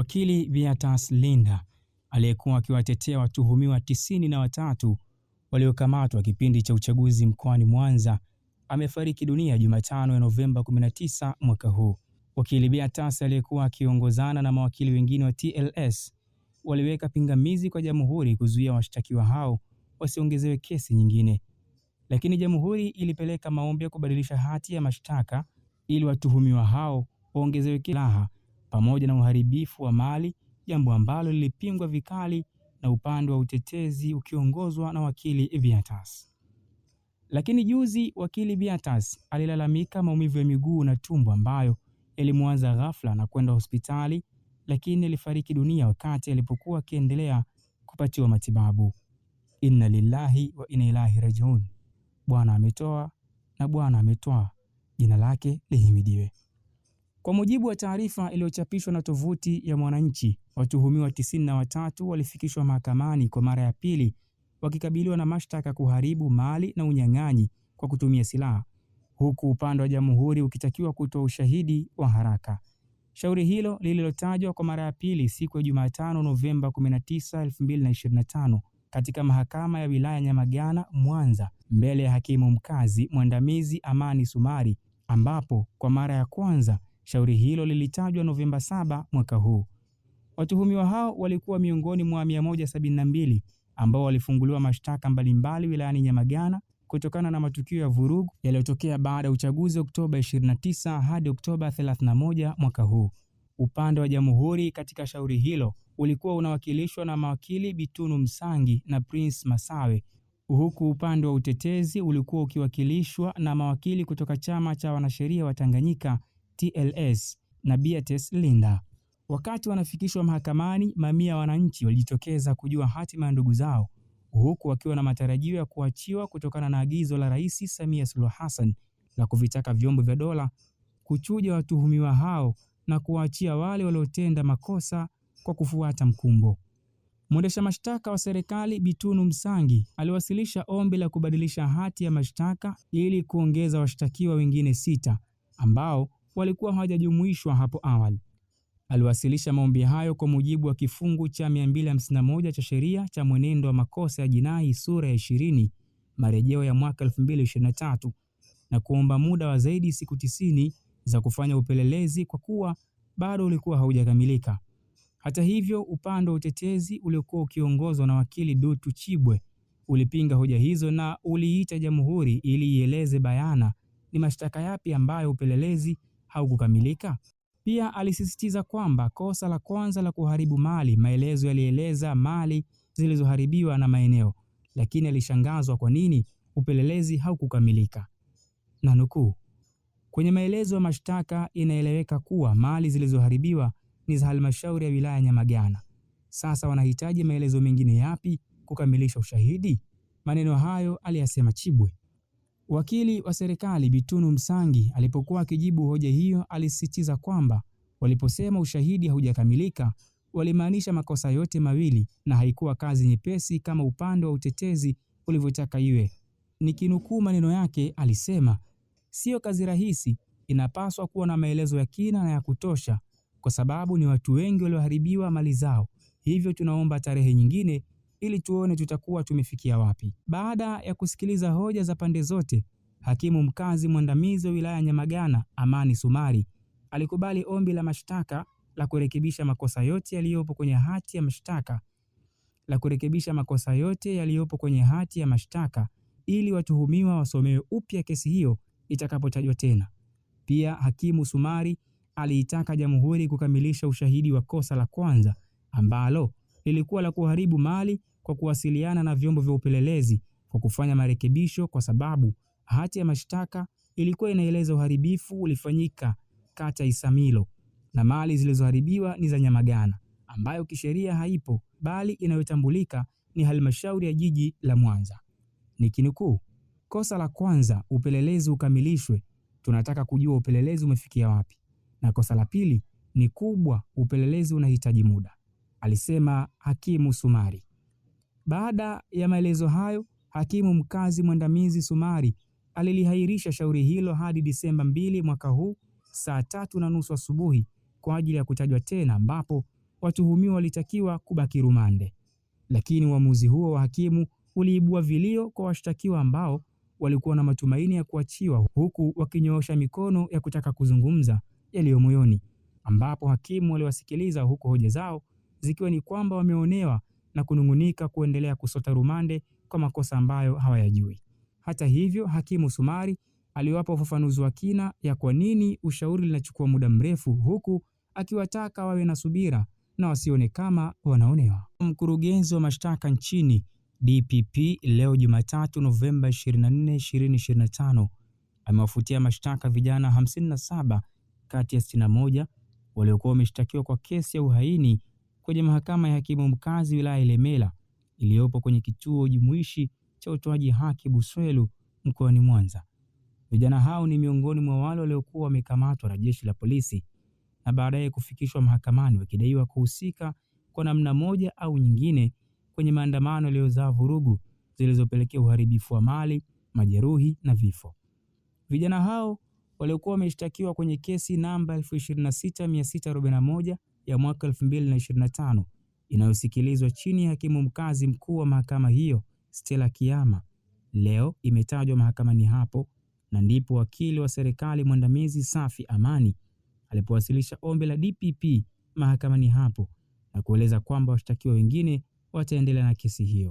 Wakili Beatas Linda aliyekuwa akiwatetea watuhumiwa tisini na watatu waliokamatwa kipindi cha uchaguzi mkoani Mwanza amefariki dunia Jumatano ya Novemba 19 mwaka huu. Wakili Beatas aliyekuwa akiongozana na mawakili wengine wa TLS waliweka pingamizi kwa jamhuri kuzuia washtakiwa hao wasiongezewe kesi nyingine, lakini jamhuri ilipeleka maombi ya kubadilisha hati ya mashtaka ili watuhumiwa hao waongezewe silaha pamoja na uharibifu wa mali, jambo ambalo lilipingwa vikali na upande wa utetezi ukiongozwa na wakili Viatas. Lakini juzi wakili Viatas alilalamika maumivu ya miguu na tumbo ambayo yalimwanza ghafla na kwenda hospitali, lakini alifariki dunia wakati alipokuwa akiendelea kupatiwa matibabu. Inna lillahi wa inna ilaihi rajiun. Bwana ametoa na Bwana ametoa jina lake lihimidiwe. Kwa mujibu wa taarifa iliyochapishwa na tovuti ya Mwananchi, watuhumiwa tisini na watatu walifikishwa mahakamani kwa mara ya pili wakikabiliwa na mashtaka kuharibu mali na unyang'anyi kwa kutumia silaha, huku upande wa jamhuri ukitakiwa kutoa ushahidi wa haraka. Shauri hilo lililotajwa kwa mara ya pili siku ya Jumatano Novemba 19, 2025 katika mahakama ya wilaya Nyamagana, Mwanza, mbele ya hakimu mkazi mwandamizi Amani Sumari, ambapo kwa mara ya kwanza Shauri hilo lilitajwa Novemba 7 mwaka huu. Watuhumiwa hao walikuwa miongoni mwa 172 ambao walifunguliwa mashtaka mbalimbali wilayani Nyamagana kutokana na matukio ya vurugu yaliyotokea baada ya uchaguzi Oktoba 29 hadi Oktoba 31 mwaka huu. Upande wa Jamhuri katika shauri hilo ulikuwa unawakilishwa na mawakili Bitunu Msangi na Prince Masawe, huku upande wa utetezi ulikuwa ukiwakilishwa na mawakili kutoka Chama cha Wanasheria wa Tanganyika TLS na Beatrice Linda. Wakati wanafikishwa mahakamani, mamia ya wananchi walijitokeza kujua hatima ya ndugu zao huku wakiwa na matarajio ya kuachiwa kutokana na agizo la Rais Samia Suluhu Hassan la kuvitaka vyombo vya dola kuchuja watuhumiwa hao na kuwaachia wale waliotenda makosa kwa kufuata mkumbo. Mwendesha mashtaka wa serikali Bitunu Msangi aliwasilisha ombi la kubadilisha hati ya mashtaka ili kuongeza washtakiwa wengine sita ambao walikuwa hawajajumuishwa hapo awali. Aliwasilisha maombi hayo kwa mujibu wa kifungu cha 251 cha sheria cha mwenendo wa makosa ya jinai sura ya 20 marejeo ya mwaka 2023 na kuomba muda wa zaidi siku tisini za kufanya upelelezi kwa kuwa bado ulikuwa haujakamilika. Hata hivyo, upande wa utetezi uliokuwa ukiongozwa na wakili Dutu Chibwe ulipinga hoja hizo na uliita jamhuri ili ieleze bayana ni mashtaka yapi ambayo upelelezi haukukamilika. Pia alisisitiza kwamba kosa la kwanza la kuharibu mali, maelezo yalieleza mali zilizoharibiwa na maeneo, lakini alishangazwa kwa nini upelelezi haukukamilika. Na nukuu, kwenye maelezo ya mashtaka inaeleweka kuwa mali zilizoharibiwa ni za halmashauri ya wilaya Nyamagana. Sasa wanahitaji maelezo mengine yapi kukamilisha ushahidi? Maneno hayo aliyasema Chibwe. Wakili wa serikali Bitunu Msangi alipokuwa akijibu hoja hiyo alisisitiza kwamba waliposema ushahidi haujakamilika walimaanisha makosa yote mawili na haikuwa kazi nyepesi kama upande wa utetezi ulivyotaka iwe. Nikinukuu maneno yake, alisema siyo kazi rahisi, inapaswa kuwa na maelezo ya kina na ya kutosha, kwa sababu ni watu wengi walioharibiwa mali zao. Hivyo tunaomba tarehe nyingine ili tuone tutakuwa tumefikia wapi. Baada ya kusikiliza hoja za pande zote, hakimu mkazi mwandamizi wa wilaya ya Nyamagana Amani Sumari alikubali ombi la mashtaka la kurekebisha makosa yote yaliyopo kwenye hati ya mashtaka la kurekebisha makosa yote yaliyopo kwenye hati ya mashtaka ili watuhumiwa wasomewe upya kesi hiyo itakapotajwa tena. Pia hakimu Sumari aliitaka jamhuri kukamilisha ushahidi wa kosa la kwanza ambalo lilikuwa la kuharibu mali kwa kuwasiliana na vyombo vya upelelezi kwa kufanya marekebisho, kwa sababu hati ya mashtaka ilikuwa inaeleza uharibifu ulifanyika kata Isamilo na mali zilizoharibiwa ni za Nyamagana, ambayo kisheria haipo, bali inayotambulika ni halmashauri ya jiji la Mwanza. Nikinukuu, kosa la kwanza, upelelezi ukamilishwe, tunataka kujua upelelezi umefikia wapi, na kosa la pili ni kubwa, upelelezi unahitaji muda, alisema hakimu Sumari. Baada ya maelezo hayo, hakimu mkazi mwandamizi Sumari alilihairisha shauri hilo hadi Disemba mbili mwaka huu saa tatu na nusu asubuhi kwa ajili ya kutajwa tena, ambapo watuhumiwa walitakiwa kubaki rumande. Lakini uamuzi huo wa hakimu uliibua vilio kwa washtakiwa ambao walikuwa na matumaini ya kuachiwa, huku wakinyoosha mikono ya kutaka kuzungumza yaliyo moyoni, ambapo hakimu aliwasikiliza huku hoja zao zikiwa ni kwamba wameonewa na kunung'unika kuendelea kusota rumande kwa makosa ambayo hawayajui. Hata hivyo, hakimu Sumari aliwapa ufafanuzi wa kina ya kwa nini ushauri linachukua muda mrefu huku akiwataka wawe na subira na wasione kama wanaonewa. Mkurugenzi wa mashtaka nchini DPP leo Jumatatu Novemba 24, 2025 amewafutia mashtaka vijana 57 kati ya 61 waliokuwa wameshtakiwa kwa kesi ya uhaini kwenye mahakama ya hakimu mkazi wilaya Ilemela iliyopo kwenye kituo jumuishi cha utoaji haki Buswelu mkoani Mwanza. Vijana hao ni miongoni mwa wale waliokuwa wamekamatwa na jeshi la polisi na baadaye kufikishwa mahakamani wakidaiwa kuhusika kwa namna moja au nyingine kwenye maandamano yaliyozaa vurugu zilizopelekea uharibifu wa mali, majeruhi na vifo. Vijana hao waliokuwa wameshtakiwa kwenye kesi namba 26641 ya mwaka 2025 inayosikilizwa chini ya hakimu mkazi mkuu wa mahakama hiyo Stella Kiama leo imetajwa mahakamani hapo, na ndipo wakili wa serikali mwandamizi Safi Amani alipowasilisha ombi la DPP mahakamani hapo na kueleza kwamba washtakiwa wengine wataendelea na kesi hiyo.